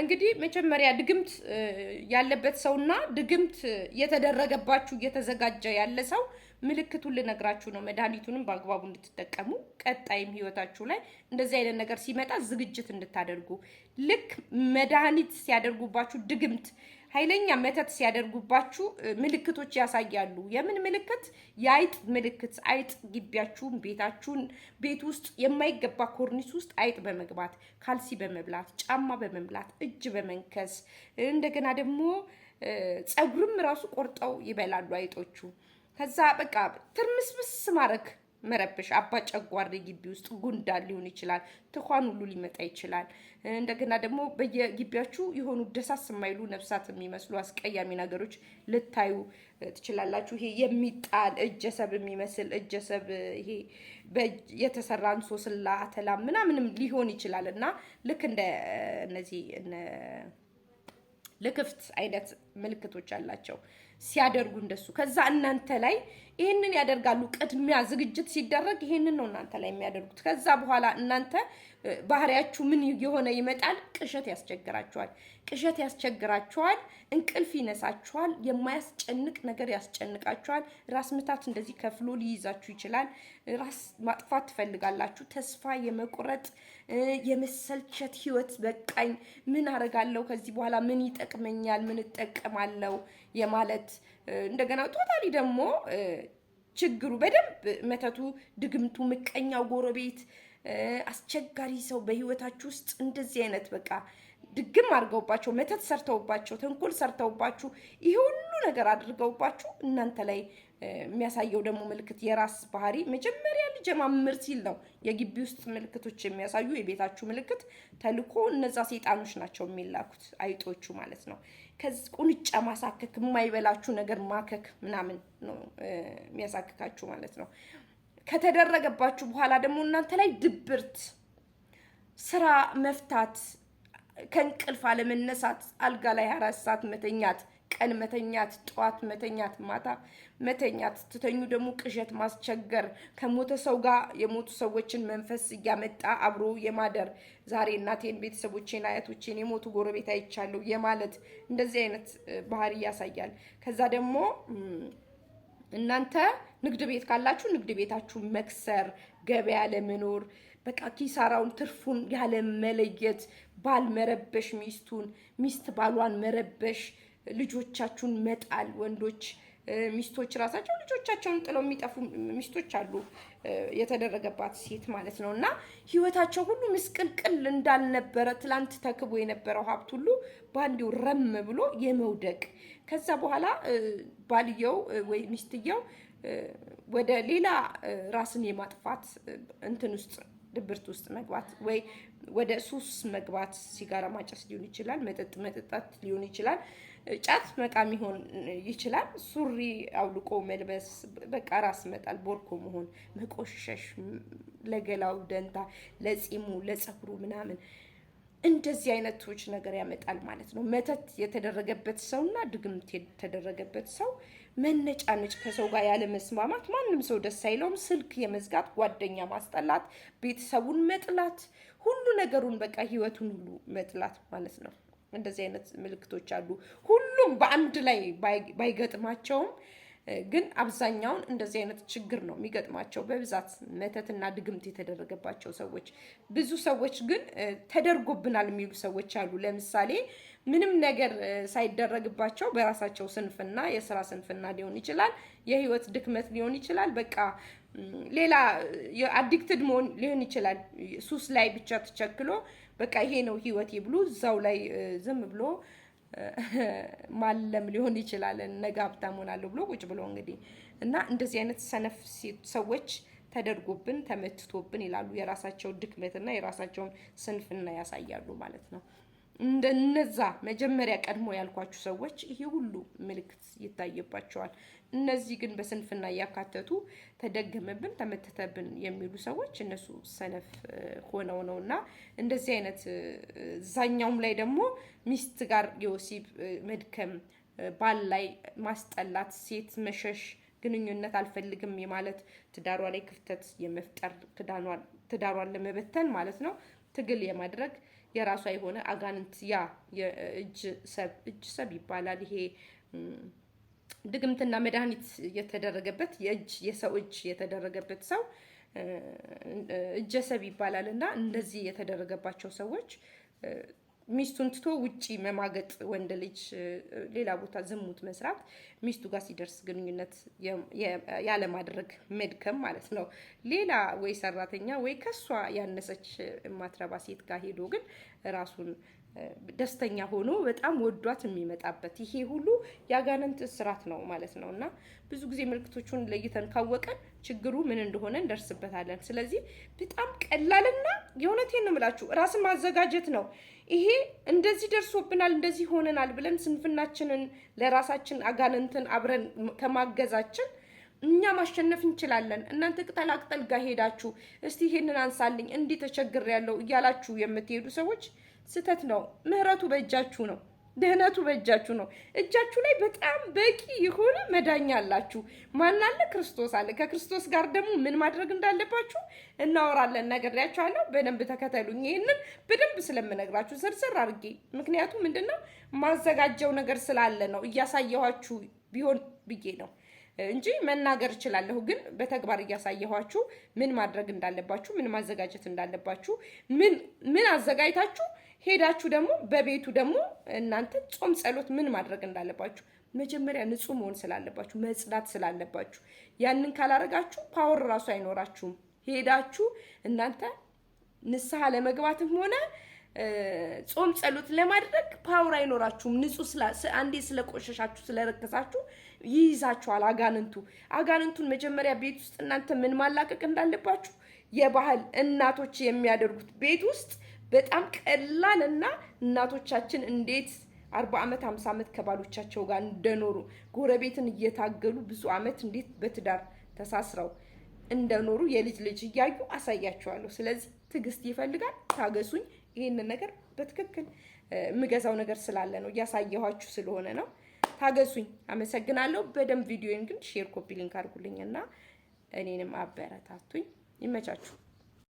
እንግዲህ መጀመሪያ ድግምት ያለበት ሰውና ድግምት የተደረገባችሁ እየተዘጋጀ ያለ ሰው ምልክቱን ልነግራችሁ ነው። መድኃኒቱንም በአግባቡ እንድትጠቀሙ ቀጣይም ህይወታችሁ ላይ እንደዚህ አይነት ነገር ሲመጣ ዝግጅት እንድታደርጉ ልክ መድኃኒት ሲያደርጉባችሁ ድግምት ኃይለኛ መተት ሲያደርጉባችሁ ምልክቶች ያሳያሉ። የምን ምልክት? የአይጥ ምልክት። አይጥ ግቢያችሁን፣ ቤታችሁን፣ ቤት ውስጥ የማይገባ ኮርኒስ ውስጥ አይጥ በመግባት ካልሲ በመብላት፣ ጫማ በመብላት፣ እጅ በመንከስ እንደገና ደግሞ ፀጉርም ራሱ ቆርጠው ይበላሉ አይጦቹ። ከዛ በቃ ትርምስምስ ማረክ መረብሽ አባ ጨጓሬ ግቢ ውስጥ ጉንዳን ሊሆን ይችላል። ትኳን ሁሉ ሊመጣ ይችላል። እንደገና ደግሞ በየግቢያችሁ የሆኑ ደሳስ የማይሉ ነፍሳት የሚመስሉ አስቀያሚ ነገሮች ልታዩ ትችላላችሁ። ይሄ የሚጣል እጀሰብ የሚመስል እጀሰብ፣ ይሄ የተሰራ እንሶስላ፣ አተላ ምናምንም ሊሆን ይችላል እና ልክ እንደ እነዚህ ልክፍት አይነት ምልክቶች አላቸው ሲያደርጉ እንደሱ። ከዛ እናንተ ላይ ይህንን ያደርጋሉ። ቅድሚያ ዝግጅት ሲደረግ ይህንን ነው እናንተ ላይ የሚያደርጉት። ከዛ በኋላ እናንተ ባህሪያችሁ ምን የሆነ ይመጣል? ቅሸት ያስቸግራችኋል። ቅሸት ያስቸግራችኋል። እንቅልፍ ይነሳችኋል። የማያስጨንቅ ነገር ያስጨንቃችኋል። ራስ ምታት እንደዚህ ከፍሎ ሊይዛችሁ ይችላል። ራስ ማጥፋት ትፈልጋላችሁ። ተስፋ የመቁረጥ የመሰልቸት ህይወት በቃኝ፣ ምን አደርጋለሁ ከዚህ በኋላ ምን ይጠቅመኛል፣ ምን እጠቅ አቅም አለው የማለት እንደገና ቶታሊ ደግሞ ችግሩ በደንብ መተቱ፣ ድግምቱ፣ ምቀኛው ጎረቤት፣ አስቸጋሪ ሰው በህይወታችሁ ውስጥ እንደዚህ አይነት በቃ ድግም አድርገውባቸው መተት ሰርተውባቸው ተንኮል ሰርተውባችሁ ይህ ሁሉ ነገር አድርገውባችሁ እናንተ ላይ የሚያሳየው ደግሞ ምልክት የራስ ባህሪ መጀመሪያ ልጀማምር ሲል ነው። የግቢ ውስጥ ምልክቶች የሚያሳዩ የቤታችሁ ምልክት ተልኮ እነዛ ሴጣኖች ናቸው የሚላኩት አይጦቹ ማለት ነው። ከዚህ ቁንጫ ማሳከክ የማይበላችሁ ነገር ማከክ ምናምን ነው የሚያሳክካችሁ ማለት ነው። ከተደረገባችሁ በኋላ ደግሞ እናንተ ላይ ድብርት፣ ስራ መፍታት፣ ከእንቅልፍ አለመነሳት፣ አልጋ ላይ አራት ሰዓት መተኛት ቀን መተኛት፣ ጠዋት መተኛት፣ ማታ መተኛት፣ ትተኙ ደግሞ ቅዠት ማስቸገር፣ ከሞተ ሰው ጋር የሞቱ ሰዎችን መንፈስ እያመጣ አብሮ የማደር ዛሬ እናቴን፣ ቤተሰቦቼን፣ አያቶቼን የሞቱ ጎረቤት አይቻለሁ የማለት እንደዚህ አይነት ባህሪ ያሳያል። ከዛ ደግሞ እናንተ ንግድ ቤት ካላችሁ ንግድ ቤታችሁ መክሰር፣ ገበያ ለመኖር በቃ ኪሳራውን ትርፉን መለየት ባል መረበሽ ሚስቱን፣ ሚስት ባሏን መረበሽ ልጆቻችሁን መጣል ወንዶች ሚስቶች ራሳቸው ልጆቻቸውን ጥለው የሚጠፉ ሚስቶች አሉ፣ የተደረገባት ሴት ማለት ነው። እና ህይወታቸው ሁሉ ምስቅልቅል እንዳልነበረ ትላንት ተክቦ የነበረው ሀብት ሁሉ ባንዴው ረም ብሎ የመውደቅ ከዛ በኋላ ባልየው ወይ ሚስትየው ወደ ሌላ ራስን የማጥፋት እንትን ውስጥ ድብርት ውስጥ መግባት ወይ ወደ ሱስ መግባት፣ ሲጋራ ማጨስ ሊሆን ይችላል፣ መጠጥ መጠጣት ሊሆን ይችላል፣ ጫት መቃም ሊሆን ይችላል፣ ሱሪ አውልቆ መልበስ፣ በቃ ራስ መጣል፣ ቦርኮ መሆን፣ መቆሸሽ፣ ለገላው ደንታ፣ ለጺሙ፣ ለጸጉሩ ምናምን እንደዚህ አይነቶች ነገር ያመጣል ማለት ነው። መተት የተደረገበት ሰው እና ድግምት የተደረገበት ሰው መነጫነጭ፣ ከሰው ጋር ያለ መስማማት፣ ማንም ሰው ደስ አይለውም፣ ስልክ የመዝጋት፣ ጓደኛ ማስጠላት፣ ቤተሰቡን መጥላት፣ ሁሉ ነገሩን በቃ ህይወቱን ሁሉ መጥላት ማለት ነው። እንደዚህ አይነት ምልክቶች አሉ። ሁሉም በአንድ ላይ ባይገጥማቸውም ግን አብዛኛውን እንደዚህ አይነት ችግር ነው የሚገጥማቸው በብዛት መተትና ድግምት የተደረገባቸው ሰዎች። ብዙ ሰዎች ግን ተደርጎብናል የሚሉ ሰዎች አሉ። ለምሳሌ ምንም ነገር ሳይደረግባቸው በራሳቸው ስንፍና፣ የስራ ስንፍና ሊሆን ይችላል፣ የህይወት ድክመት ሊሆን ይችላል፣ በቃ ሌላ አዲክትድ መሆን ሊሆን ይችላል። ሱስ ላይ ብቻ ተቸክሎ በቃ ይሄ ነው ህይወቴ ብሎ እዛው ላይ ዝም ብሎ ማለም ሊሆን ይችላል። ነገ ሀብታም ሆናለሁ ብሎ ቁጭ ብሎ እንግዲህ እና እንደዚህ አይነት ሰነፍ ሰዎች ተደርጎብን ተመትቶብን ይላሉ። የራሳቸው ድክመትና የራሳቸውን ስንፍና ያሳያሉ ማለት ነው። እንደነዛ መጀመሪያ ቀድሞ ያልኳችሁ ሰዎች ይሄ ሁሉ ምልክት ይታይባቸዋል። እነዚህ ግን በስንፍና እያካተቱ ተደገመብን፣ ተመተተብን የሚሉ ሰዎች እነሱ ሰነፍ ሆነው ነው እና እንደዚህ አይነት እዛኛውም ላይ ደግሞ ሚስት ጋር የወሲብ መድከም፣ ባል ላይ ማስጠላት፣ ሴት መሸሽ ግንኙነት አልፈልግም የማለት ትዳሯ ላይ ክፍተት የመፍጠር ትዳሯን ለመበተን ማለት ነው ትግል የማድረግ የራሷ የሆነ አጋንንት ያ እጅ ሰብ ይባላል። ይሄ ድግምትና መድኃኒት የተደረገበት የእጅ የሰው እጅ የተደረገበት ሰው እጀሰብ ይባላል እና እንደዚህ የተደረገባቸው ሰዎች ሚስቱን ትቶ ውጪ መማገጥ ወንድ ልጅ ሌላ ቦታ ዝሙት መስራት ሚስቱ ጋር ሲደርስ ግንኙነት ያለማድረግ መድከም ማለት ነው። ሌላ ወይ ሰራተኛ ወይ ከሷ ያነሰች የማትረባ ሴት ጋር ሄዶ ግን ራሱን ደስተኛ ሆኖ በጣም ወዷት የሚመጣበት ይሄ ሁሉ የአጋንንት ስራት ነው ማለት ነው። እና ብዙ ጊዜ ምልክቶቹን ለይተን ካወቀን ችግሩ ምን እንደሆነ እንደርስበታለን። ስለዚህ በጣም ቀላልና የእውነቴን ነው የምላችሁ ራስን ማዘጋጀት ነው። ይሄ እንደዚህ ደርሶብናል፣ እንደዚህ ሆነናል ብለን ስንፍናችንን ለራሳችን አጋንንትን አብረን ከማገዛችን እኛ ማሸነፍ እንችላለን። እናንተ ቅጠላቅጠል ቅጠል ጋር ሄዳችሁ እስቲ ይሄንን አንሳልኝ እንዲህ ያለው እያላችሁ የምትሄዱ ሰዎች ስህተት ነው። ምህረቱ በእጃችሁ ነው። ድህነቱ በእጃችሁ ነው። እጃችሁ ላይ በጣም በቂ የሆነ መዳኛ አላችሁ። ማን አለ? ክርስቶስ አለ። ከክርስቶስ ጋር ደግሞ ምን ማድረግ እንዳለባችሁ እናወራለን። ነግሬያችኋለሁ። በደንብ ተከተሉኝ። ይህንን በደንብ ስለምነግራችሁ ዝርዝር አድርጌ ምክንያቱም ምንድነው ማዘጋጀው ነገር ስላለ ነው እያሳየኋችሁ ቢሆን ብዬ ነው እንጂ መናገር እችላለሁ፣ ግን በተግባር እያሳየኋችሁ ምን ማድረግ እንዳለባችሁ፣ ምን ማዘጋጀት እንዳለባችሁ፣ ምን ምን አዘጋጅታችሁ ሄዳችሁ ደግሞ በቤቱ ደግሞ እናንተ ጾም ጸሎት ምን ማድረግ እንዳለባችሁ መጀመሪያ ንጹህ መሆን ስላለባችሁ መጽዳት ስላለባችሁ ያንን ካላረጋችሁ ፓወር እራሱ አይኖራችሁም። ሄዳችሁ እናንተ ንስሐ ለመግባትም ሆነ ጾም ጸሎት ለማድረግ ፓወር አይኖራችሁም። ንጹህ አንዴ ስለቆሸሻችሁ ስለረከሳችሁ ይይዛችኋል አጋንንቱ። አጋንንቱን መጀመሪያ ቤት ውስጥ እናንተ ምን ማላቀቅ እንዳለባችሁ የባህል እናቶች የሚያደርጉት ቤት ውስጥ በጣም ቀላል እና እናቶቻችን እንዴት አርባ ዓመት ሃምሳ ዓመት ከባሎቻቸው ጋር እንደኖሩ ጎረቤትን እየታገሉ ብዙ ዓመት እንዴት በትዳር ተሳስረው እንደኖሩ የልጅ ልጅ እያዩ አሳያቸዋለሁ። ስለዚህ ትዕግስት ይፈልጋል። ታገሱኝ። ይህንን ነገር በትክክል የምገዛው ነገር ስላለ ነው፣ እያሳየኋችሁ ስለሆነ ነው። ታገሱኝ። አመሰግናለሁ። በደንብ ቪዲዮን ግን ሼር፣ ኮፒ ሊንክ አድርጉልኝ እና እኔንም አበረታቱኝ። ይመቻችሁ።